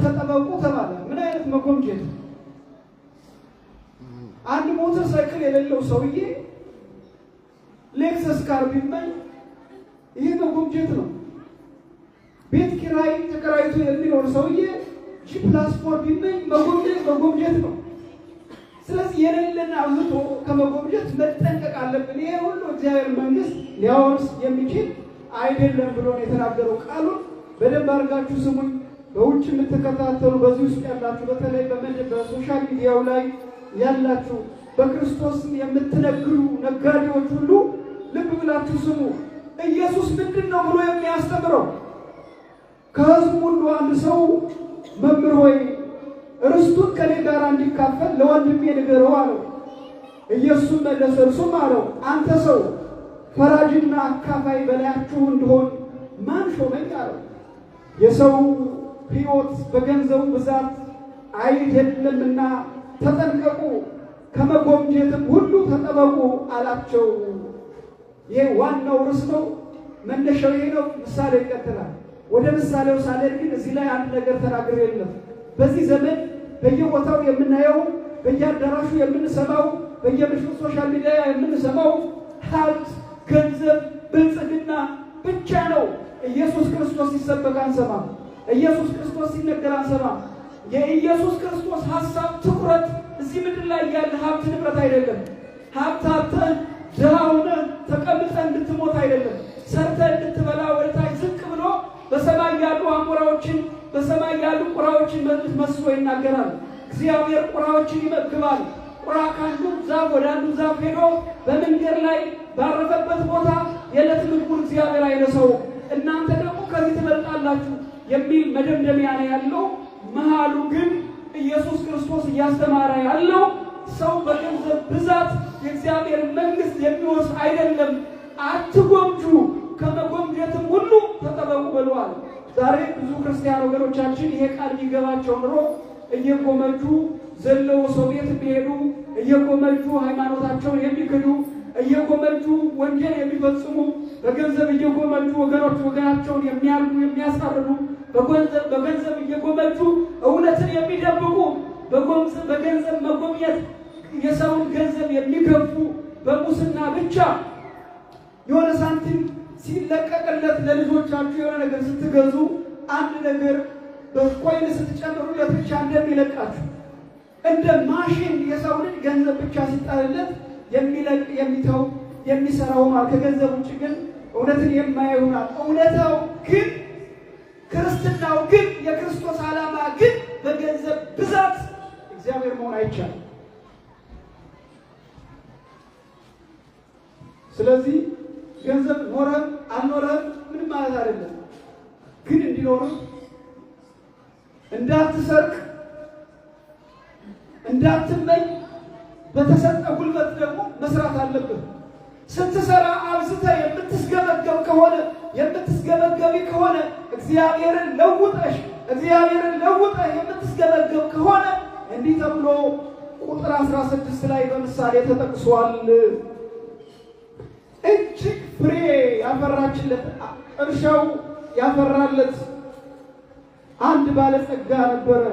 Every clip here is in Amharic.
ተጠበቁ ተባለ። ምን አይነት መጎምጀት! አንድ ሞተር ሳይክል የሌለው ሰውዬ ሌክሰስ ካር ቢመኝ ይህ መጎምጀት ነው። ቤት ኪራይ ተከራይቶ የሚኖር ሰውዬ ጂ ፕላስ ፎር ቢመኝ መጎምጀት መጎምጀት ነው። ስለዚህ የሌለን አብዝቶ ከመጎምጀት መጠንቀቅ አለብን። ይሄ ሁሉ እግዚአብሔር መንግስት ሊያወርስ የሚችል አይደለም ብሎ የተናገረው ቃሉን በደንብ አድርጋችሁ ስሙኝ። በውጭ የምትከታተሉ በዚህ ውስጥ ያላችሁ በተለይ በሶሻል ሚዲያው ላይ ያላችሁ በክርስቶስ የምትነግሩ ነጋዴዎች ሁሉ ልብ ብላችሁ ስሙ። ኢየሱስ ምንድን ነው ብሎ የሚያስተምረው? ከህዝቡ ሁሉ አንድ ሰው መምህር ሆይ ርስቱን ከኔ ጋር እንዲካፈል ለወንድሜ ንገረው አለው። ኢየሱስ መለሰ እርሱም አለው አንተ ሰው ፈራጅና አካፋይ በላያችሁ እንደሆን ማን ሾመኝ አለው። የሰው ሕይወት በገንዘቡ ብዛት አይደለምና ተጠንቀቁ፣ ከመጎምጀትም ሁሉ ተጠበቁ አላቸው። ይሄ ዋናው ርዕስ ነው። መነሻው ይሄ ነው። ምሳሌ ይቀጥላል። ወደ ምሳሌው ሳሌ ግን እዚህ ላይ አንድ ነገር ተናግሬ የለም። በዚህ ዘመን በየቦታው የምናየው፣ በየአዳራሹ የምንሰማው፣ በየምሽ ሶሻል ሚዲያ የምንሰማው ሀብት፣ ገንዘብ፣ ብልጽግና ብቻ ነው። ኢየሱስ ክርስቶስ ሲሰበክ አንሰማም። ኢየሱስ ክርስቶስ ሲነገር አንሰማም። የኢየሱስ ክርስቶስ ሀሳብ ትኩረት እዚህ ምድር ላይ ያለ ሀብት ንብረት አይደለም። ሀብት ሀብተን ድሃ ሆነ ተቀምጠ እንድትሞት አይደለም። ሰርተ እንድትበላ ወደታች ዝቅ ብሎ በሰማይ ያሉ አሞራዎችን በሰማይ ያሉ ቁራዎችን መስሎ ይናገራል። እግዚአብሔር ቁራዎችን ይመግባል። ቁራ ካንዱ ዛፍ ወደ አንዱ ዛፍ ሄዶ በመንገድ ላይ ባረፈበት ቦታ የዕለት ምግቡን እግዚአብሔር አይነሰው። እናንተ ደግሞ ከዚህ ትበልጣላችሁ የሚል መደምደሚያ ነው ያለው። መሃሉ ግን ኢየሱስ ክርስቶስ እያስተማረ ያለው ሰው በገንዘብ ብዛት የእግዚአብሔር መንግሥት የሚወርስ አይደለም፣ አትጎምጁ፣ ከመጎምጀትም ሁሉ ተጠበቁ ብለዋል። ዛሬ ብዙ ክርስቲያን ወገኖቻችን ይሄ ቃል ሊገባቸው ኑሮ እየጎመጁ ዘለው ሰው ቤት ቢሄዱ እየጎመጁ ሃይማኖታቸውን የሚክዱ እየጎመጁ ወንጀል የሚፈጽሙ በገንዘብ እየጎመጁ ወገኖች ወገናቸውን የሚያርዱ የሚያሳርዱ በገንዘብ እየጎመጁ እውነትን የሚደብቁ በገንዘብ መጎብኘት የሰውን ገንዘብ የሚገፉ በሙስና ብቻ የሆነ ሳንቲም ሲለቀቅለት ለልጆቻችሁ የሆነ ነገር ስትገዙ አንድ ነገር በኮይን ስትጨምሩለት ብቻ እንደሚለቃችሁ እንደ ማሽን የሰው ልጅ ገንዘብ ብቻ ሲጣልለት የሚለቅ የሚተው የሚሰራው ከገንዘብ ውጭ ግን እውነትን የማይሆናል። እውነታው ግን ክርስትናው ግን የክርስቶስ ዓላማ ግን በገንዘብ ብዛት እግዚአብሔር መሆን አይቻልም። ስለዚህ ገንዘብ ኖረም አልኖረም ምንም ማለት አይደለም። ግን እንዲኖርም እንዳትሰርቅ፣ እንዳትመኝ በተሰጠ ጉልበት ደግሞ መስራት አለብህ። ስትሰራ አብዝተህ የምትስገመገብ ከሆነ የምትስገበገቢ ከሆነ እግዚአብሔርን ለውጠሽ እግዚአብሔርን ለውጠህ የምትስገበገብ ከሆነ እንዲህ ተብሎ ቁጥር 16 ላይ በምሳሌ ተጠቅሷል። እጅግ ፍሬ ያፈራችለት እርሻው ያፈራለት አንድ ባለጸጋ ነበረ።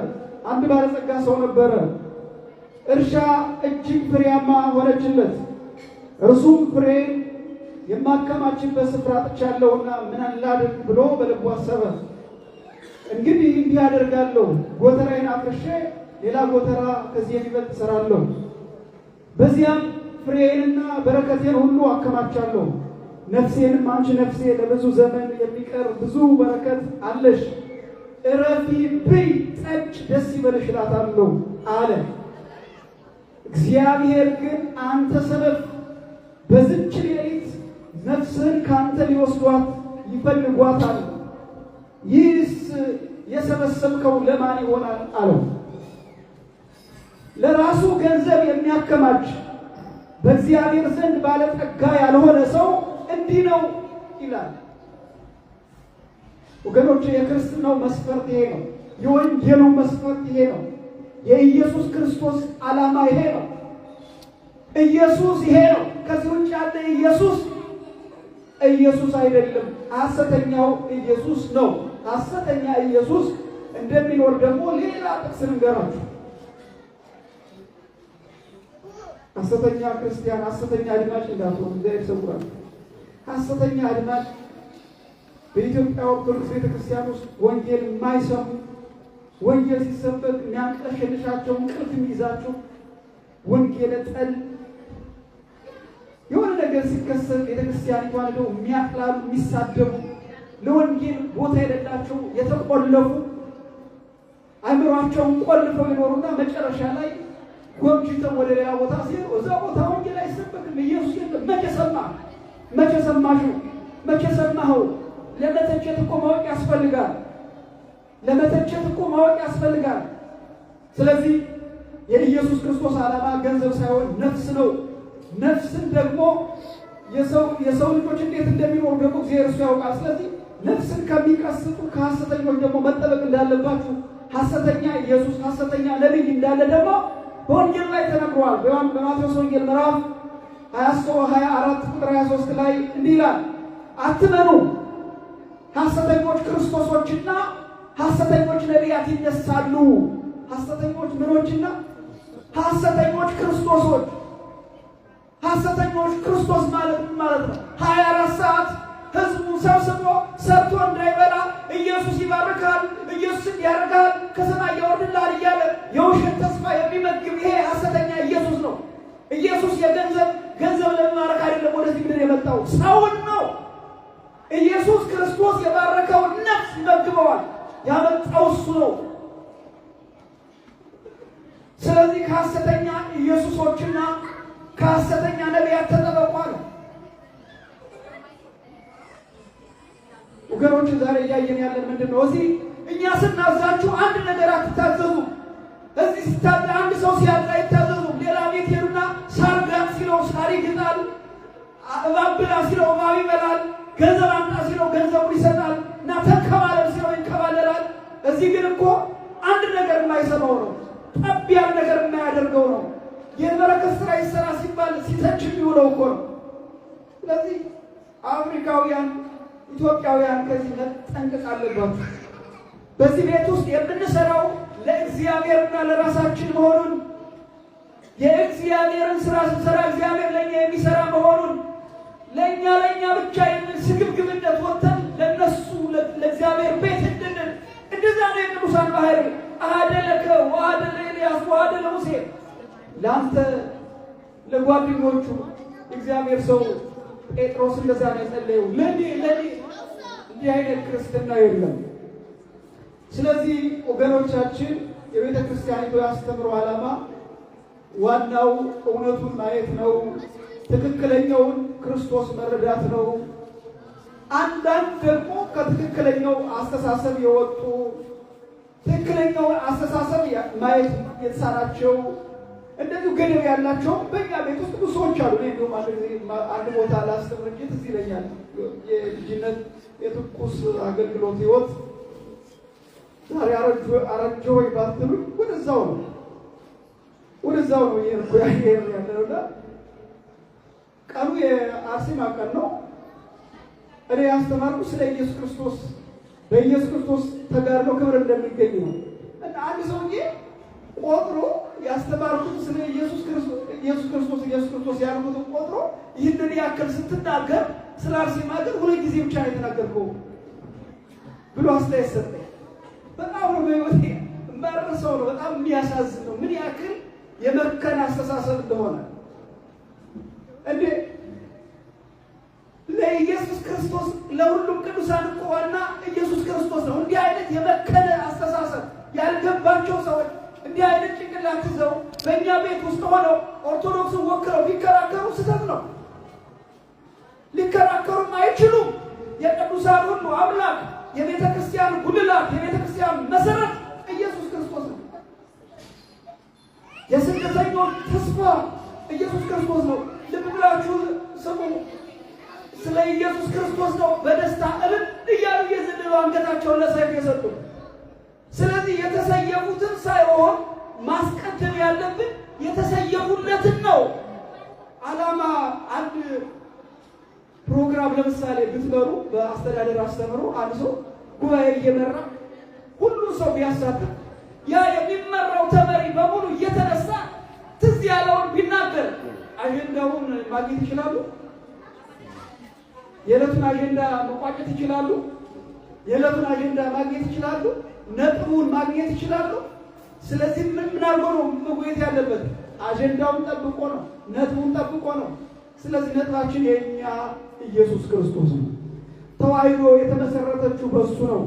አንድ ባለጸጋ ሰው ነበረ። እርሻ እጅግ ፍሬያማ ሆነችለት። እርሱም ፍሬ የማከማችበት ስፍራ አጥቻለሁና ምን ላድርግ ብሎ በልቡ አሰበ። እንግዲህ እንዲህ አደርጋለሁ፣ ጎተራዬን አፍርሼ ሌላ ጎተራ ከዚህ የሚበልጥ እሰራለሁ፣ በዚያም ፍሬዬንና በረከቴን ሁሉ አከማቻለሁ። ነፍሴንም አንቺ ነፍሴ ለብዙ ዘመን የሚቀር ብዙ በረከት አለሽ፣ እረፊ፣ ብይ፣ ጠጭ፣ ደስ ይበልሽ እላታለሁ አለ። እግዚአብሔር ግን አንተ ሰነፍ በዝች ሌሊት ነፍስህን ከአንተ ሊወስዷት ይፈልጓታል። ይህስ የሰበሰብከው ለማን ይሆናል አለው። ለራሱ ገንዘብ የሚያከማች በእግዚአብሔር ዘንድ ባለጠጋ ያልሆነ ሰው እንዲህ ነው ይላል። ወገኖች የክርስትናው መስፈርት ይሄ ነው። የወንጌሉ መስፈርት ይሄ ነው። የኢየሱስ ክርስቶስ ዓላማ ይሄ ነው። ኢየሱስ ይሄ ነው። ከዚህ ውጭ ያለ ኢየሱስ ኢየሱስ አይደለም፣ ሐሰተኛው ኢየሱስ ነው። ሐሰተኛ ኢየሱስ እንደሚኖር ደግሞ ሌላ ጥቅስ ልንገራችሁ። ሐሰተኛ ክርስቲያን፣ ሐሰተኛ አድማጭ እንዳትሆን እግዚአብሔር ይሰውራል። ሐሰተኛ አድማጭ በኢትዮጵያ ኦርቶዶክስ ቤተክርስቲያን ውስጥ ወንጌል የማይሰሙ ወንጌል ሲሰበክ የሚያንቀሸንሻቸው እንቅልፍ የሚይዛቸው ወንጌል ጠል የሆነ ነገር ሲከሰት ቤተክርስቲያን ተዋልደው የሚያቅላሉ፣ የሚሳደቡ፣ ለወንጌል ቦታ የሌላቸው የተቆለፉ አእምሯቸውን ቆልፈው ይኖሩና መጨረሻ ላይ ጎምጅተው ወደ ሌላ ቦታ ሲሄዱ እዛ ቦታ ወንጌል አይሰበክም፣ ኢየሱስ የለም። መቼ ሰማህ? መቼ መቼ ሰማኸው? ለመተቸት እኮ ማወቅ ያስፈልጋል። ለመተቸት እኮ ማወቅ ያስፈልጋል። ስለዚህ የኢየሱስ ክርስቶስ ዓላማ ገንዘብ ሳይሆን ነፍስ ነው። ነፍስን ደግሞ የሰው ልጆች እንዴት እንደሚኖሩ ደግሞ እግዚአብሔር እሱ ያውቃል። ስለዚህ ነፍስን ከሚቀስጡ ከሐሰተኞች ደግሞ መጠበቅ እንዳለባችሁ ሐሰተኛ ኢየሱስ ሐሰተኛ ነቢይ እንዳለ ደግሞ በወንጌል ላይ ተነግሯል። በማቴዎስ ወንጌል ምዕራፍ 24 ቁጥር 23 ላይ እንዲህ ይላል፣ አትመኑ ሐሰተኞች ክርስቶሶችና ሐሰተኞች ነቢያት ይነሳሉ። ሐሰተኞች ምኖችና ሐሰተኞች ክርስቶሶች ሐሰተኞች ክርስቶስ ማለት ምን ማለት ነው? ሀያ አራት ሰዓት ህዝቡ ሰብስቦ ሰርቶ እንዳይበላ ኢየሱስ ይባርካል፣ ኢየሱስ ያደርጋል፣ ከሰማይ ያወርድልሃል እያለ የውሸት ተስፋ የሚመግብ ይሄ ሐሰተኛ ኢየሱስ ነው። ኢየሱስ የገንዘብ ገንዘብ ለመባረክ አይደለም ወደዚህ ምድር የመጣው ሰውን ነው። ኢየሱስ ክርስቶስ የባረከውን ነፍስ ይመግበዋል። ያመጣው እሱ ነው። ስለዚህ ከሐሰተኛ ኢየሱሶችና ከሐሰተኛ ነቢያት ተጠበቁ አለ። ወገኖቹ ዛሬ እያየን ያለን ምንድን ነው? እዚህ እኛ ስናዛችሁ አንድ ነገር አትታዘዙ። እዚህ ሲታጣ አንድ ሰው ሲያጣ ይታዘዙ። ሌላ ቤት ሄዱና ሳር ሲለው ሳር ይግጣል፣ እባብላ ሲለው እባብ ይበላል፣ ገንዘብ አምጣ ሲለው ገንዘቡን ይሰጣል እና ተከባለል ሲለው ይንከባለላል። እዚህ ግን እኮ አንድ ነገር የማይሰማው ነው፣ ጠብ ያለ ነገር የማያደርገው ነው የበረከት ስራ ይሰራ ሲባል ሲተች የሚውለው እኮ ነው። ስለዚህ አፍሪካውያን፣ ኢትዮጵያውያን ከዚህ መጠንቀቅ አለባችሁ። በዚህ ቤት ውስጥ የምንሰራው ለእግዚአብሔርና ለራሳችን መሆኑን የእግዚአብሔርን ስራ ስንሰራ እግዚአብሔር ለእኛ የሚሰራ መሆኑን ለእኛ ለእኛ ብቻ የምን ስግብግብነት ወጥተን ለእነሱ ለእግዚአብሔር ቤት እንድንል እንደዛ ነው የቅዱሳን ባህሪ አደለከ ዋደለ ኤልያስ ዋደለ ሙሴ ለአንተ ለጓደኞቹ እግዚአብሔር ሰው ጴጥሮስ እንደዛ ነው የጸለየው። ለእኔ ለእኔ እንዲህ አይነት ክርስትና የለም። ስለዚህ ወገኖቻችን የቤተ ክርስቲያኒቱ ያስተምሮ ዓላማ ዋናው እውነቱን ማየት ነው። ትክክለኛውን ክርስቶስ መረዳት ነው። አንዳንድ ደግሞ ከትክክለኛው አስተሳሰብ የወጡ ትክክለኛውን አስተሳሰብ ማየት የተሳናቸው እንደዚሁ ገደብ ያላቸው በእኛ ቤት ውስጥ ብዙ ሰዎች አሉ። እንዲሁም አንድ ቦታ ላስተምር እንጂ ትዝ ይለኛል የልጅነት የትኩስ አገልግሎት ህይወት ዛሬ አረጀ ወይ ባትሉኝ ወደዛው ነው ወደዛው ነው ይሄን ያለውና ቀኑ የአርሴማ ቀን ነው። እኔ ያስተማርኩ ስለ ኢየሱስ ክርስቶስ በኢየሱስ ክርስቶስ ተጋድሎ ክብር እንደሚገኝ ነው እና አንድ ሰውዬ ቆጥሮ ያስተማርኩት ስለ ኢየሱስ ክርስቶስ ኢየሱስ ክርስቶስ ኢየሱስ ክርስቶስ ያልኩትን ቆጥሮ ይህንን ያክል ስትናገር ስለ አርሴማ ግን ሁለት ጊዜ ብቻ ነው የተናገርከው ብሎ አስተያየት ሰጠኝ። በጣም ነው በህይወቴ የማረሰው ነው። በጣም የሚያሳዝን ነው ምን ያክል የመከን አስተሳሰብ እንደሆነ እንዴ ለኢየሱስ ክርስቶስ ለሁሉም ቅዱሳን እኮ ዋና ኢየሱስ ክርስቶስ ነው። እንዲህ አይነት የመከነ አስተሳሰብ ያልገባቸው ሰዎች እንዲህ አይነት ጭንቅላት ይዘው በእኛ ቤት ውስጥ ሆነው ኦርቶዶክስን ወክለው ሊከራከሩ ስህተት ነው። ሊከራከሩም አይችሉም። የቅዱሳን ሁሉ አምላክ የቤተ ክርስቲያን ጉልላት የቤተ ክርስቲያን መሰረት ኢየሱስ ክርስቶስ ነው። የስደተኞች ተስፋ ኢየሱስ ክርስቶስ ነው። ልብ ብላችሁ ስሙ። ስለ ኢየሱስ ክርስቶስ ነው በደስታ እልል እያሉ የዘለሉ አንገታቸውን ለሰይፍ የሰጡ ስለዚህ የተሰየሙትን ሳይሆን ማስቀደም ያለብን የተሰየሙለትን ነው። ዓላማ አንድ ፕሮግራም ለምሳሌ ብትመሩ በአስተዳደር አስተምሮ አንድ ሰው ጉባኤ እየመራ ሁሉም ሰው ቢያሳትፍ ያ የሚመራው ተመሪ በሙሉ እየተነሳ ትዝ ያለውን ቢናገር አጀንዳውን ማግኘት ይችላሉ። የዕለቱን አጀንዳ መቋጨት ይችላሉ። የዕለቱን አጀንዳ ማግኘት ይችላሉ። ነጥቡን ማግኘት ይችላሉ። ስለዚህ ምን ምን ነው መጎየት ያለበት? አጀንዳውን ጠብቆ ነው፣ ነጥቡን ጠብቆ ነው። ስለዚህ ነጥባችን የእኛ ኢየሱስ ክርስቶስ ነው። ተዋሕዶ የተመሰረተችው በሱ ነው።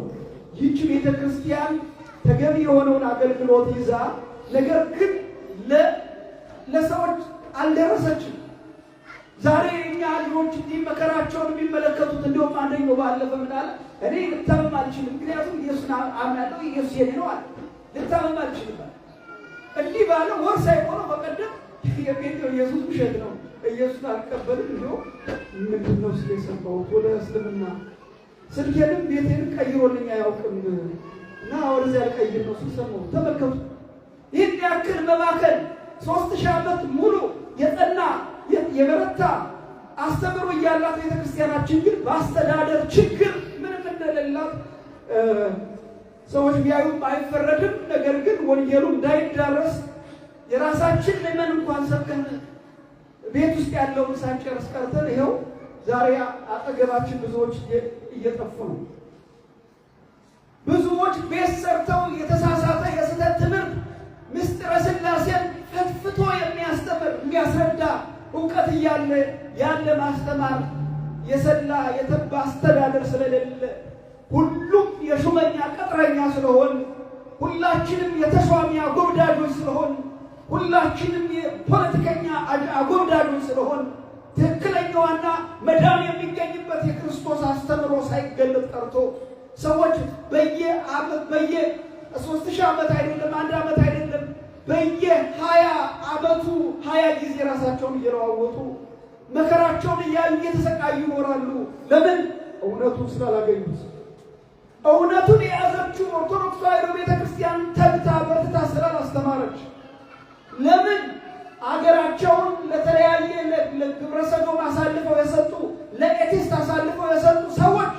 ይህች ቤተ ክርስቲያን ተገቢ የሆነውን አገልግሎት ይዛ፣ ነገር ግን ለሰዎች አልደረሰችም። ዛሬ የእኛ ልጆች እንዲህ መከራቸውን የሚመለከቱት እንዲሁም አንደኛው ባለፈ ምን እኔ ልታመም አልችልም፣ ምክንያቱም ኢየሱስን አምናለሁ፣ ኢየሱስ የኔ ነው አለ። ልታመም አልችልም አለ። እንዲህ ባለ ወር ሳይሆነው በቀደም የጴንጤው ኢየሱስ ውሸት ነው፣ ኢየሱስ አልቀበልም ብሎ ምንድን ነው ስለ የሰማሁት ወደ እስልምና ስልኬንም ቤቴንም ቀይሮልኝ አያውቅም እና ወደዚያ ልቀይር ነው ሲል ተመከቱ። ይህን ያክል መባከል ሶስት ሺህ ዓመት ሙሉ የጠና የበረታ አስተምሮ እያላት ቤተክርስቲያናችን ግን በአስተዳደር ችግር ስለሌላት ሰዎች ቢያዩም አይፈረድም። ነገር ግን ወንጌሉ እንዳይዳረስ የራሳችን ለምን እንኳን ሰብከን ቤት ውስጥ ያለውን ሳንጨርስ ቀርተን ይኸው ዛሬ አጠገባችን ብዙዎች እየጠፉ ነው። ብዙዎች ቤት ሰርተው የተሳሳተ የስህተት ትምህርት ምስጢረ ስላሴን ፈትፍቶ የሚያስተምር የሚያስረዳ እውቀት እያለ ያለ ማስተማር የሰላ የተባ አስተዳደር ስለሌለ ሁሉም የሹመኛ ቀጥረኛ ስለሆን፣ ሁላችንም የተሿሚ አጎብዳጆች ስለሆን፣ ሁላችንም የፖለቲከኛ አጎብዳጆች ስለሆን ትክክለኛዋና መዳን የሚገኝበት የክርስቶስ አስተምሮ ሳይገለጥ ቀርቶ ሰዎች በየ ሶስት ሺህ ዓመት አይደለም አንድ ዓመት አይደለም በየ ሀያ ዓመቱ ሀያ ጊዜ ራሳቸውን እየለዋወጡ መከራቸውን እያዩ እየተሰቃዩ ይኖራሉ። ለምን? እውነቱ ስላላገኙት እውነቱን የያዘችው ኦርቶዶክስ ተዋሕዶ ቤተክርስቲያን ተግታ በርትታ ስላላስተማረች ለምን አገራቸውን ለተለያየ ለግብረ ሰዶም አሳልፈው የሰጡ ለኤቲስት አሳልፈው የሰጡ ሰዎች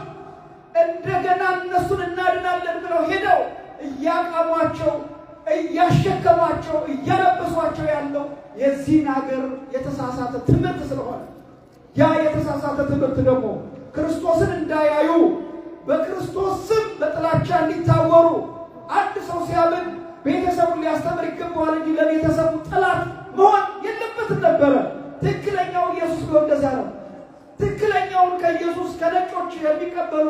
እንደገና እነሱን እናድናለን ብለው ሄደው እያቃሟቸው እያሸከሟቸው እያለበሷቸው ያለው የዚህን ሀገር የተሳሳተ ትምህርት ስለሆነ ያ የተሳሳተ ትምህርት ደግሞ ክርስቶስን እንዳያዩ በክርስቶስ ስም በጥላቻ እንዲታወሩ አንድ ሰው ሲያምን ቤተሰቡን ሊያስተምር ይገባዋል እንጂ ለቤተሰቡ ጠላት መሆን የለበትም ነበረ። ትክክለኛው ኢየሱስ እንደዚያ ነው። ትክክለኛውን ከኢየሱስ ከነጮች የሚቀበሉ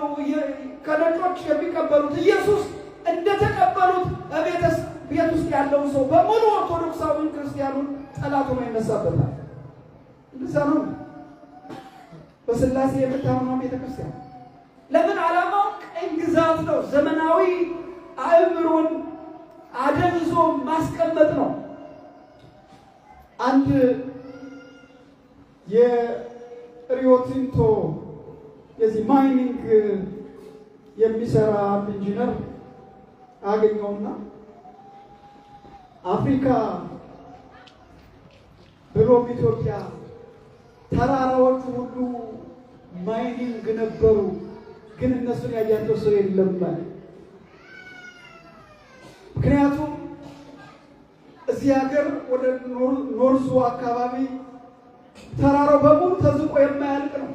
ከነጮች የሚቀበሉት ኢየሱስ እንደተቀበሉት በቤተስ ቤት ውስጥ ያለው ሰው በሙሉ ኦርቶዶክሳዊን ክርስቲያኑን ጠላት ሆኖ ይነሳበታል። እንደዚያ ነው። በስላሴ የምታምነው ቤተክርስቲያን ለምን ዓላማው ቀኝ ግዛት ነው። ዘመናዊ አእምሮን አደንዞ ማስቀመጥ ነው። አንድ የሪዮቲንቶ የዚህ ማይኒንግ የሚሰራ ኢንጂነር አገኘውና አፍሪካ ብሎም ኢትዮጵያ ተራራዎቹ ሁሉ ማይኒንግ ነበሩ ግን እነሱን ያያቸው ሰው የለም። ምክንያቱም እዚህ ሀገር ወደ ኖርዙ አካባቢ ተራራው በሙሉ ተዝቆ የማያልቅ ነው።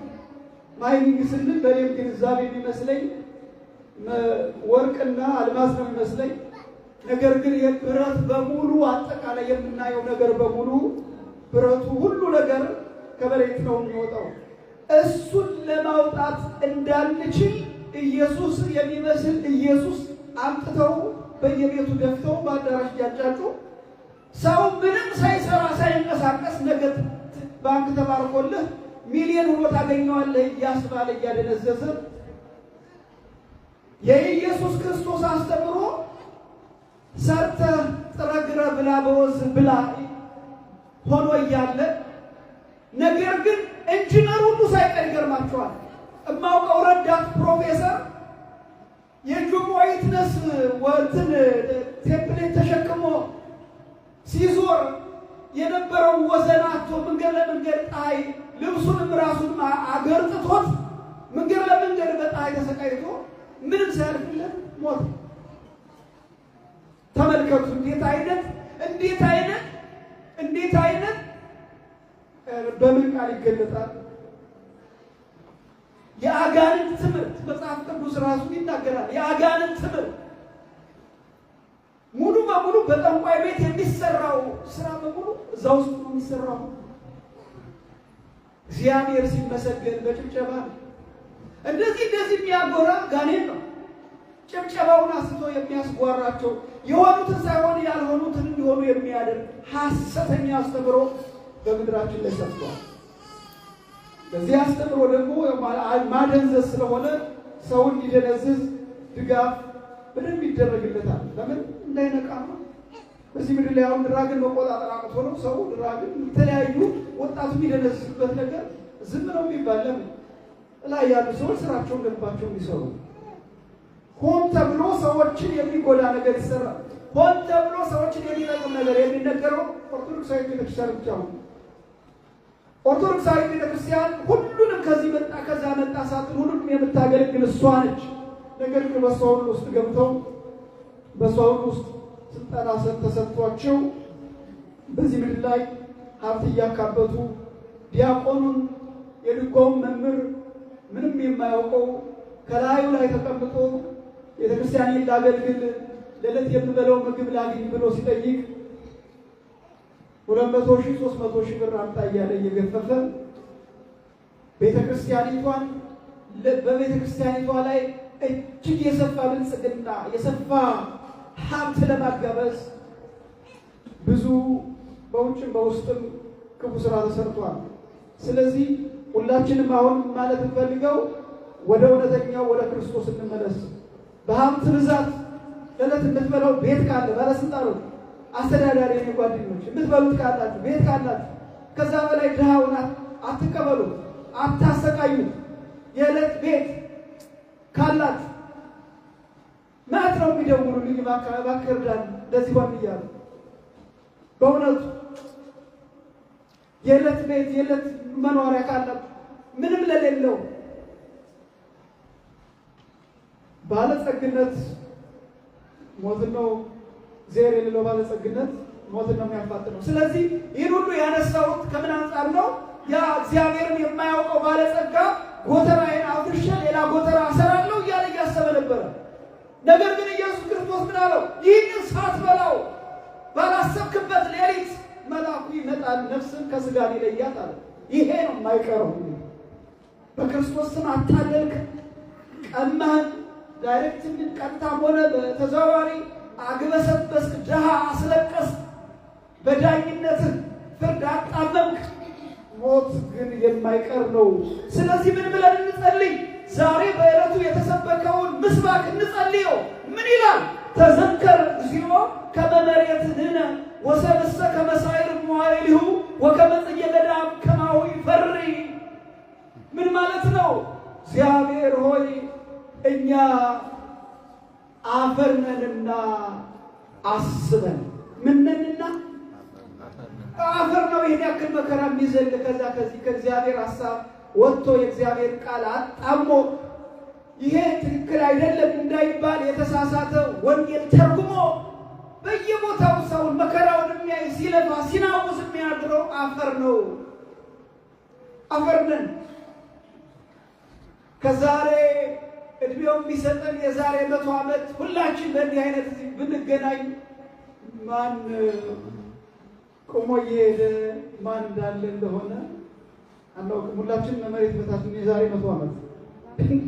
ማይኒንግ ስንል በእኔም ግንዛቤ የሚመስለኝ ወርቅና አልማዝ ነው የሚመስለኝ። ነገር ግን ብረት በሙሉ አጠቃላይ የምናየው ነገር በሙሉ ብረቱ ሁሉ ነገር ከመሬት ነው የሚወጣው። እሱን ለማውጣት እንዳልችል ኢየሱስ የሚመስል ኢየሱስ አምጥተው በየቤቱ ደፍተው በአዳራሽ እያጫጩ ሰው ምንም ሳይሰራ ሳይንቀሳቀስ ነገ ባንክ ተባርኮልህ ሚሊዮን ሆኖ ታገኘዋለህ እያስባለ እያደነዘዘ የኢየሱስ ክርስቶስ አስተምሮ ሰርተ ጥረግረ ብላ በወዝ ብላ ሆኖ እያለ ነገር ግን ኢንጂነር ሁሉ ሳይቀር ይገርማቸዋል። እማውቀው ረዳት ፕሮፌሰር የጆሞ ዊትነስ ወትን ቴምፕሌት ተሸክሞ ሲዞር የነበረው ወዘናቶ መንገድ ለመንገድ ጣይ ልብሱንም ራሱን አገርጥቶት መንገድ ለመንገድ በጣይ ተሰቃይቶ ምንም ሳያልፍለት ሞት። ተመልከቱ እንዴት አይነት እንዴት በምን ቃል ይገለጣል? የአጋንንት ትምህርት መጽሐፍ ቅዱስ ራሱ ይናገራል። የአጋንንት ትምህርት ሙሉ በሙሉ በጠንቋይ ቤት የሚሰራው ስራ በሙሉ እዛ ውስጥ ነው የሚሰራው። እግዚአብሔር ሲመሰገን በጭብጨባ ነው። እንደዚህ እንደዚህ የሚያጎራ ጋኔን ነው። ጭብጨባውን አስቶ የሚያስጓራቸው የሆኑትን ሳይሆን ያልሆኑትን እንዲሆኑ የሚያደርግ ሐሰተኛ አስተምሮ በምድራችን ላይ ሰፍቷል። በዚህ አስተምሮ ደግሞ ማደንዘዝ ስለሆነ ሰውን እንዲደነዝዝ ድጋፍ በደንብ ይደረግለታል። ለምን እንዳይነቃማ በዚህ ምድር ላይ አሁን ድራግን መቆጣጠር አቅቶ ነው ሰው ድራግን የተለያዩ ወጣቱ የሚደነዝዝበት ነገር ዝም ነው የሚባል ለምን እላይ ያሉ ሰዎች ስራቸውን ገንባቸው የሚሰሩ ሆን ተብሎ ሰዎችን የሚጎዳ ነገር ይሰራል። ሆን ተብሎ ሰዎችን የሚጠቅም ነገር የሚነገረው ኦርቶዶክሳዊ ቤተክርስቲያን ብቻ ኦርቶዶክሳዊ ቤተክርስቲያን ሁሉንም ከዚህ መጣ ከዛ መጣ ሳትል ሁሉንም የምታገለግል እሷ ነች። ነገር ግን በእሷ ሁሉ ውስጥ ገብተው በእሷ ሁሉ ውስጥ ስልጠና ተሰጥቷቸው በዚህ ምድር ላይ ሀብት እያካበቱ ዲያቆኑን የድጓውን መምህር ምንም የማያውቀው ከላዩ ላይ ተቀምጦ ቤተክርስቲያን ላገልግል ለዕለት የምበለው ምግብ ላግኝ ብሎ ሲጠይቅ ሁለት መቶ ሺህ ሶስት መቶ ሺህ ብር አምጣ እያለ እየገፈፈ ቤተ ክርስቲያኒቷን በቤተ ክርስቲያኒቷ ላይ እጅግ የሰፋ ብልጽግና የሰፋ ሀብት ለማጋበዝ ብዙ በውጭም በውስጥም ክፉ ስራ ተሰርቷል። ስለዚህ ሁላችንም አሁን ማለት እንፈልገው ወደ እውነተኛው ወደ ክርስቶስ እንመለስ። በሀብት ብዛት እለት የምትበላው ቤት ካለ ባለስልጣኖች አስተዳዳሪ ነው። ጓደኞች የምትበሉት ካላችሁ ቤት ካላችሁ ከዛ በላይ ድሃውን አትቀበሉት፣ አታሰቃዩት። የዕለት ቤት ካላት መዓት ነው የሚደውሉ ልዩ እርዳን እንደዚህ ሆን እያሉ በእውነቱ የዕለት ቤት የዕለት መኖሪያ ካላት ምንም ለሌለው ባለጸግነት ሞት ነው። እግዚአብሔር የሌለው ባለጸግነት ሞትን ነው የሚያፋጥነው። ስለዚህ ይህን ሁሉ ያነሳሁት ከምን አንጻር ነው? ያ እግዚአብሔርን የማያውቀው ባለጸጋ ጎተራዬን አፍርሼ ሌላ ጎተራ እሰራለሁ እያለ እያሰበ ነበረ። ነገር ግን ኢየሱስ ክርስቶስ ምን አለው? ይህንን ሳትበላው ባላሰብክበት ሌሊት መልአኩ ይመጣል፣ ነፍስን ከስጋ ሊለያት አለ። ይሄ ነው የማይቀረው። በክርስቶስ ስም አታለልክ፣ ቀማህን፣ ዳይሬክት ቀጥታም ሆነ በተዘዋዋሪ አግበሰበስክ፣ ድሃ አስለቀስክ፣ በዳኝነትህ ፍርድ አጣመምክ። ሞት ግን የማይቀር ነው። ስለዚህ ምን ብለን እንጸልይ? ዛሬ በዕለቱ የተሰበከውን ምስባክ እንጸልየው። ምን ይላል? ተዘከር እግዚኦ ከመ መሬትህነ ወሰብእሰ ከመ ሳዕር መዋዕሊሁ ወከመ ጽጌ ገዳም ከማሁ ይፈሪ። ምን ማለት ነው? እግዚአብሔር ሆይ እኛ አፈርነንና አስበን ምን አፈር ነው። ይሄን ያክል መከራ የሚዘል ከዛ ከዚህ ከእግዚአብሔር ሀሳብ ወጥቶ የእግዚአብሔር ቃል አጣሞ ይሄ ትክክል አይደለም እንዳይባል የተሳሳተ ወንጌል ተርጉሞ በየቦታው ሰውን መከራውን የሚያይ ሲለፋ ሲናውስ የሚያድረው አፈር ነው። አፈር ከዛሬ እድሜውን ቢሰጠን የዛሬ መቶ ዓመት ሁላችን በእንዲህ አይነት ብንገናኝ ማን ቆሞ እየሄደ ማን እንዳለ እንደሆነ አናውቅም። ሁላችን መሬት በታች የዛሬ መቶ ዓመት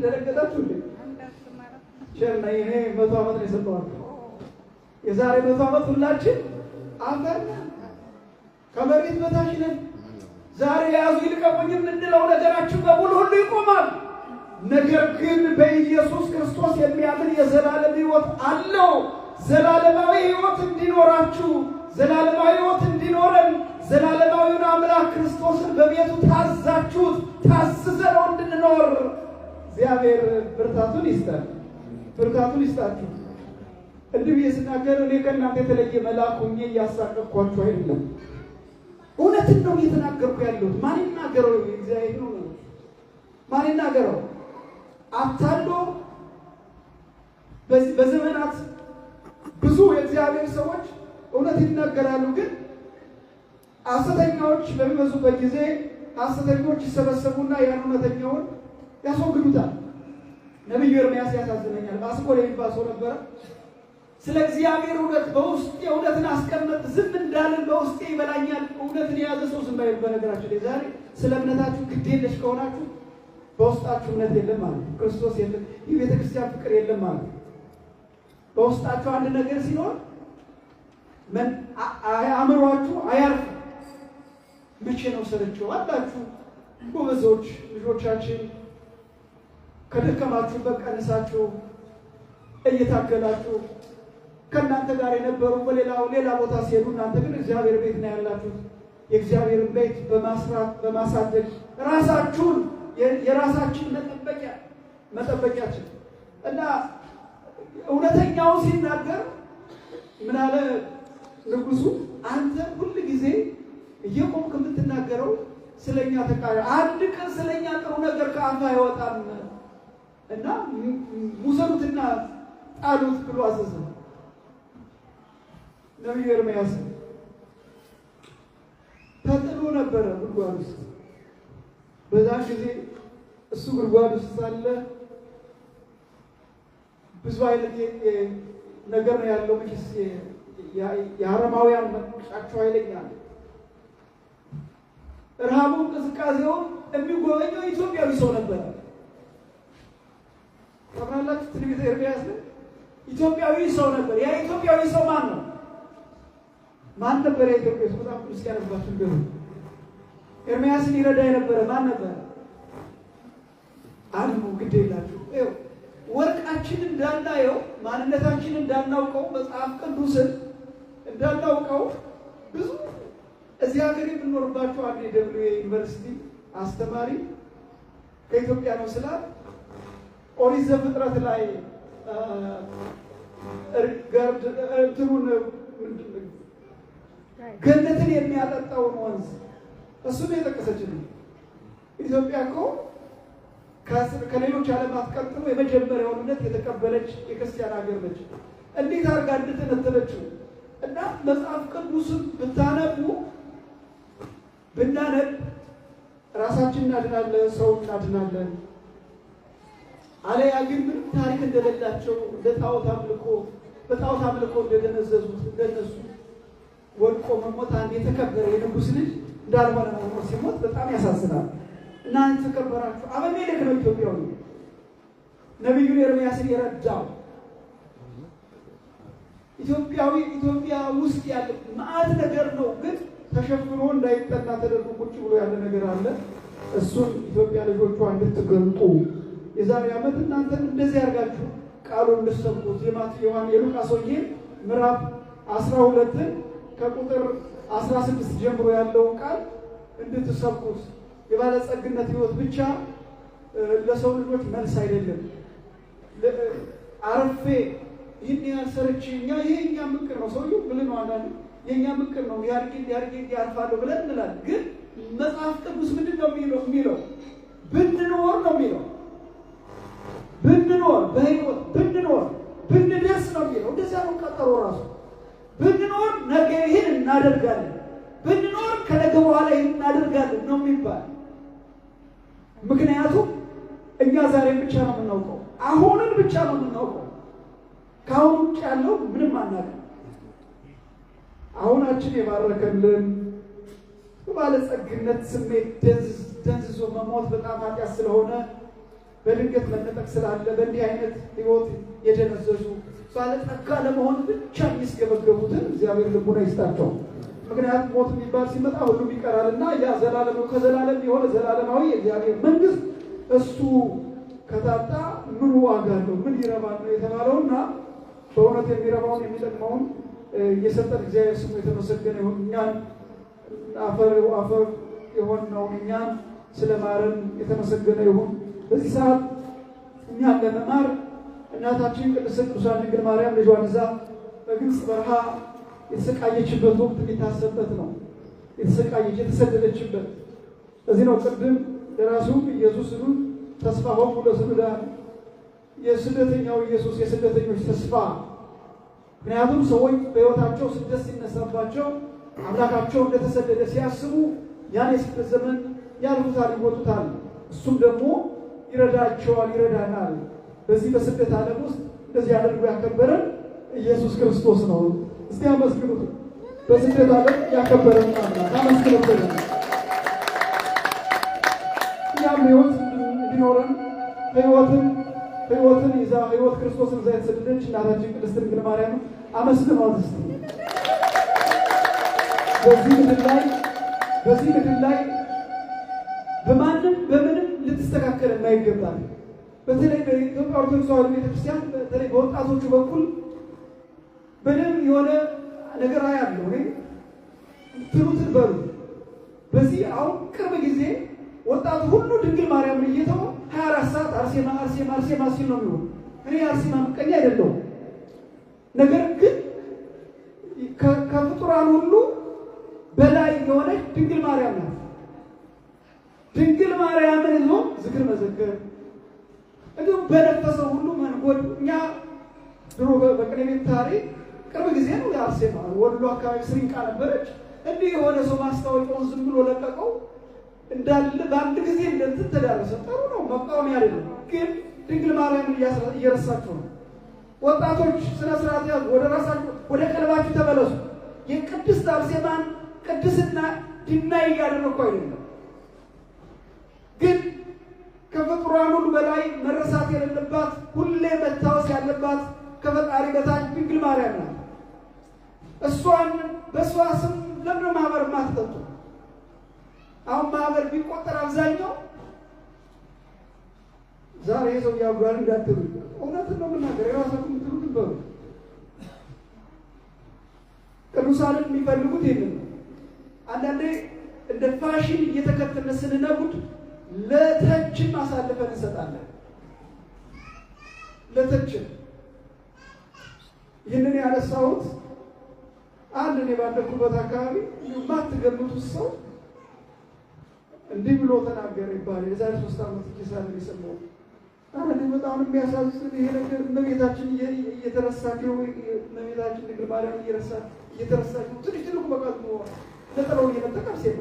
ደረገታችሁ እ ሸርና ይሄ መቶ ዓመት ነው የሰጠዋል። የዛሬ መቶ ዓመት ሁላችን አፈር ከመሬት በታች ነን። ዛሬ የያዙ ይልቀቁኝ የምንለው ነገራችን በሙሉ ሁሉ ይቆማል። ነገር ግን በኢየሱስ ክርስቶስ የሚያምን የዘላለም ሕይወት አለው። ዘላለማዊ ሕይወት እንዲኖራችሁ ዘላለማዊ ሕይወት እንዲኖረን ዘላለማዊውን አምላክ ክርስቶስን በቤቱ ታዛችሁት ታስዘነው እንድንኖር እግዚአብሔር ብርታቱን ይስጠን፣ ብርታቱን ይስጣችሁ። እንዲሁ ስናገር እኔ ከእናንተ የተለየ መልአክ ሆኜ እያሳቀቅኳችሁ አይደለም። እውነትን ነው እየተናገርኩ ያለሁት። ማን ይናገረው? እግዚአብሔር ነው። ማን ይናገረው? አታሎ በዘመናት ብዙ የእግዚአብሔር ሰዎች እውነት ይናገራሉ፣ ግን ሐሰተኛዎች በሚበዙበት ጊዜ ሐሰተኞች ይሰበሰቡና ያን እውነተኛውን ያስወግዱታል። ነቢዩ ኤርምያስ ያሳዝነኛል። በአስቆል የሚባል ሰው ነበረ። ስለ እግዚአብሔር እውነት በውስጤ እውነትን አስቀመጥ ዝም እንዳልን በውስጤ ይበላኛል። እውነትን የያዘ ሰው ዝም ባይል። በነገራችሁ ላይ ዛሬ ስለ እምነታችሁ ግድ ከሆናችሁ በውስጣችሁ እምነት የለም ማለት ነው። ክርስቶስ የለም፣ የቤተ ክርስቲያን ፍቅር የለም ማለት ነው። በውስጣችሁ አንድ ነገር ሲኖር አእምሯችሁ አያርፍ። መቼ ነው ስርቸው አላችሁ። ጎበዞች ልጆቻችን ከደከማችሁ ቀንሳችሁ እየታገላችሁ ከእናንተ ጋር የነበሩ በሌላው ሌላ ቦታ ሲሄዱ እናንተ ግን እግዚአብሔር ቤት ነው ያላችሁት። የእግዚአብሔርን ቤት በማስራት በማሳደግ ራሳችሁን የራሳችን መጠበቂያ መጠበቂያችን እና እውነተኛው ሲናገር ምናለ ንጉሱ፣ አንተ ሁል ጊዜ እየቆምክ የምትናገረው ስለኛ ተቃሪ አንድ ቀን ስለኛ ጥሩ ነገር ከአንተ አይወጣም እና ሙሰሉትና ጣሉት ብሎ አዘዘ ነቢዩ ኤርምያስ ተጥሎ ነበረ ጉድጓድ ውስጥ በዛን ጊዜ እሱ ጉድጓድ ውስጥ ሳለ ብዙ አይነት ነገር ነው ያለው። መቼስ የአረማውያን መቅጫቸው አይለኛል። እርሃቡ እንቅስቃሴው የሚጎበኘው ኢትዮጵያዊ ሰው ነበረ። ታምናላችሁ? ትንቢተ ኤርምያስ ኢትዮጵያዊ ሰው ነበር። ያ ኢትዮጵያዊ ሰው ማን ነው? ማን ነበር የኢትዮጵያ ኢትዮጵያዊ ሰው? በጣም ክርስቲያን ባችሁ ገሩ ኤርሚያስን ይረዳ የነበረ ማን ነበረ? አድሙ ግድ የላችሁ ወርቃችን እንዳናየው ማንነታችን እንዳናውቀው መጽሐፍ ቅዱስን እንዳናውቀው ብዙ እዚህ ሀገር የምንኖርባቸው አንድ የደብሊው ዩኒቨርሲቲ አስተማሪ ከኢትዮጵያ ነው ስላል ኦሪት ዘፍጥረት ላይ እንትኑን ገነትን የሚያጠጣውን ወንዝ እሱን የጠቀሰችልን ኢትዮጵያ እኮ ከሌሎች ዓለማት ቀጥሎ የመጀመሪያውን እምነት የተቀበለች የክርስቲያን ሀገር ነች። እንዴት አድርጋ እንደተነተለችው እና መጽሐፍ ቅዱስን ብታነቡ ብናነብ ራሳችን እናድናለን፣ ሰው እናድናለን። አለያ ግን ምንም ታሪክ እንደሌላቸው እንደ ጣዖት አምልኮ በጣዖት አምልኮ እንደደነዘዙት እንደነሱ ወድቆ መሞት አንድ የተከበረ የንጉሥ ልጅ እንዳልሆነ ሆኖ ሲሞት በጣም ያሳዝናል። እናንተ ተከበራችሁ። አቤሜሌክ ነው ኢትዮጵያዊ ነቢዩን ኤርምያስን የረዳው ኢትዮጵያዊ ኢትዮጵያ ውስጥ ያለ መዓት ነገር ነው፣ ግን ተሸፍኖ እንዳይጠና ተደርጎ ቁጭ ብሎ ያለ ነገር አለ። እሱን ኢትዮጵያ ልጆቿ እንድትገልጡ የዛሬ ዓመት እናንተን እንደዚህ ያርጋችሁ ቃሉን እንድትሰብኩት የማት የሉቃስ ወንጌል ምዕራፍ አስራ ሁለትን ከቁጥር አስራ ስድስት ጀምሮ ያለውን ቃል እንድትሰብኩት የባለጸግነት ህይወት ብቻ ለሰው ልጆች መልስ አይደለም። አረፌ ይህን ያህል ሰርቼ እኛ ይሄ እኛ ምክር ነው ሰውዬው ብለን ዋናል የእኛ ምክር ነው ያርጌ ያርጌ ያርፋለሁ ብለን እንላለን። ግን መጽሐፍ ቅዱስ ምንድን ነው የሚለው የሚለው ብንኖር ነው የሚለው ብንኖር በህይወት ብንኖር ብንደርስ ነው የሚለው እንደዚያ ነው ቀጠሮ ራሱ ብንኖር ነገ ይህን እናደርጋለን፣ ብንኖር ከነገ በኋላ ይህን እናደርጋለን ነው የሚባል። ምክንያቱም እኛ ዛሬን ብቻ ነው የምናውቀው፣ አሁንን ብቻ ነው የምናውቀው። ከአሁን ውጭ ያለው ምንም አናውቅም። አሁናችን የባረከልን ባለጸግነት ስሜት ደንዝዞ መሞት በጣም ኃጢአት ስለሆነ በድንገት መነጠቅ ስላለ በእንዲህ አይነት ህይወት የደነዘዙ ባለጠጋ ለመሆን ብቻ የሚስገበገቡትን እግዚአብሔር ልቡና ይስጣቸው። ምክንያቱም ሞት የሚባል ሲመጣ ሁሉም ይቀራል እና ያ ዘላለም ከዘላለም የሆነ ዘላለማዊ የእግዚአብሔር መንግስት እሱ ከታጣ ምን ዋጋ አለው? ምን ይረባል ነው የተባለው እና በእውነት የሚረባውን የሚጠቅመውን የሰጠን እግዚአብሔር ስሙ የተመሰገነ ይሁን። እኛን አፈር አፈር የሆንነውን እኛን ስለ ማረን የተመሰገነ ይሁን። በዚህ ሰዓት እኛን ለመማር እናታችን ቅድስት ቅዱሳን ድንግል ማርያም ልጇን ይዛ በግብፅ በረሃ የተሰቃየችበት ወቅት የሚታሰበት ነው። የተሰቃየች የተሰደደችበት እዚህ ነው። ቅድም ለራሱ ኢየሱስ ስሉ ተስፋ ሆሙ ለስሉዳን የስደተኛው ኢየሱስ የስደተኞች ተስፋ። ምክንያቱም ሰዎች በሕይወታቸው ስደት ሲነሳባቸው አምላካቸው እንደተሰደደ ሲያስቡ ያን የስደት ዘመን ያልፉታል፣ ይወጡታል። እሱም ደግሞ ይረዳቸዋል፣ ይረዳናል። በዚህ በስደት ዓለም ውስጥ እንደዚህ አድርጎ ያከበረን ኢየሱስ ክርስቶስ ነው። እስቲ አመስግኑት። በስደት ዓለም ያከበረን አምላክ አመስግኑት። እኛም ህይወት እንዲኖረን ህይወትን ህይወትን ይዛ ህይወት ክርስቶስን ይዛ የተሰደደች እናታችን ቅድስት ድንግል ማርያም አመስግኗት እስቲ በዚህ ምድር ላይ በዚህ ምድር ላይ በማንም በምንም ልትስተካከል የማይገባ በተለይ በኢትዮጵያ ኦርቶዶክስ ተዋሕዶ ቤተክርስቲያን በተለይ በወጣቶቹ በኩል በደም የሆነ ነገር ያለው እኔ ትሩትን በሉ። በዚህ አሁን ቅርብ ጊዜ ወጣቱ ሁሉ ድንግል ማርያምን እየተው ሀያ አራት ሰዓት አርሴማ አርሴማ አርሴማ ሲል ነው የሚሆን። እኔ አርሴማ ምቀኛ አይደለሁም። ነገር ግን ከፍጡራን ሁሉ በላይ የሆነች ድንግል ማርያም ናት። ድንግል ማርያምን ነው ዝክር መዘክር እንዲሁም በነፈሰው ሁሉ መንጎድ። እኛ ድሮ በቅኔ ታሪክ ቅርብ ጊዜ ነው የአርሴማ ወሎ አካባቢ ስሪንቃ ነበረች። እንዲህ የሆነ ሰው ማስታወቂያውን ዝም ብሎ ለቀቀው እንዳለ በአንድ ጊዜ እንደዚህ ተዳረሰ። ጥሩ ነው መቃወም አይደለም፣ ግን ድንግል ማርያምን እየረሳችሁ ነው። ወጣቶች ስነ ስርዓት ያዙ፣ ወደ ራሳቸው ወደ ቀልባችሁ ተመለሱ። የቅድስት አርሴማን ቅድስና ድናይ እያደረኩ አይደለም ከፍጥሯን ሁሉ በላይ መረሳት የሌለባት ሁሌ መታወስ ያለባት ከፈጣሪ በታች ድንግል ማርያም ናት። እሷን በእሷ ስም ለምን ማህበር ማትጠጡ? አሁን ማህበር ቢቆጠር አብዛኛው ዛሬ ሰው ያጓል እንዳትሉ፣ እውነትን ነው የምናገር። የራሳችሁ የምትሉት በሩ ቅዱሳንን የሚፈልጉት ይህንን ነው። አንዳንዴ እንደ ፋሽን እየተከተለ ስንነጉድ ለተችን አሳልፈን እንሰጣለን። ለተችን ይህንን ያነሳሁት አንድ እኔ ባለኩበት አካባቢ የማትገምቱት ሰው እንዲህ ብሎ ተናገረ ይባላል። የዛሬ ሶስት ዓመት ኪሳን የሰማው አረ በጣም የሚያሳዝን ይሄ ነገር እመቤታችን እየተረሳቸው እመቤታችን ድንግል ማርያም እየተረሳቸው ትንሽ ትልቁ በቃ ነጠላውን እየነጠቀ አርሴማ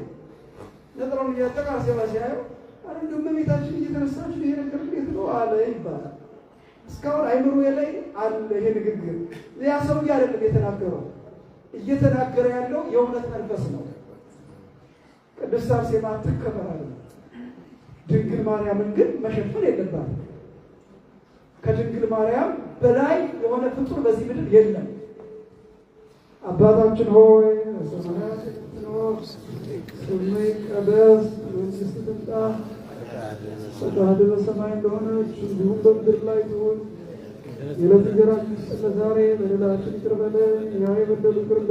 ነጠላውን እየነጠቀ አርሴማ ሲያየው አረ እንደው እመቤታችን እየተነሳች ይሄ ነገር እንዴት ነው አለ ይባላል። እስካሁን አይምሮ ላይ አለ ይሄ ንግግር። ያ ሰውዬ አይደለም የተናገረው፣ እየተናገረ ያለው የእውነት መንፈስ ነው። ቅድስት አርሴማ ትከበራለች። ድንግል ማርያምን ግን መሸፈን የለባትም። ከድንግል ማርያም በላይ የሆነ ፍጡር በዚህ ምድር የለም። አባታችን ሆይ ሰማያት ኖር ስምህ ይቀደስ የመንግስት መምጣት ፈቃድህ በሰማይ እንደሆነች እንዲሁም በምድር ላይ ትሁን። የዕለት እንጀራችንን ስጠን ዛሬ፣ በደላችን ይቅር በለን እኛ የበደሉንን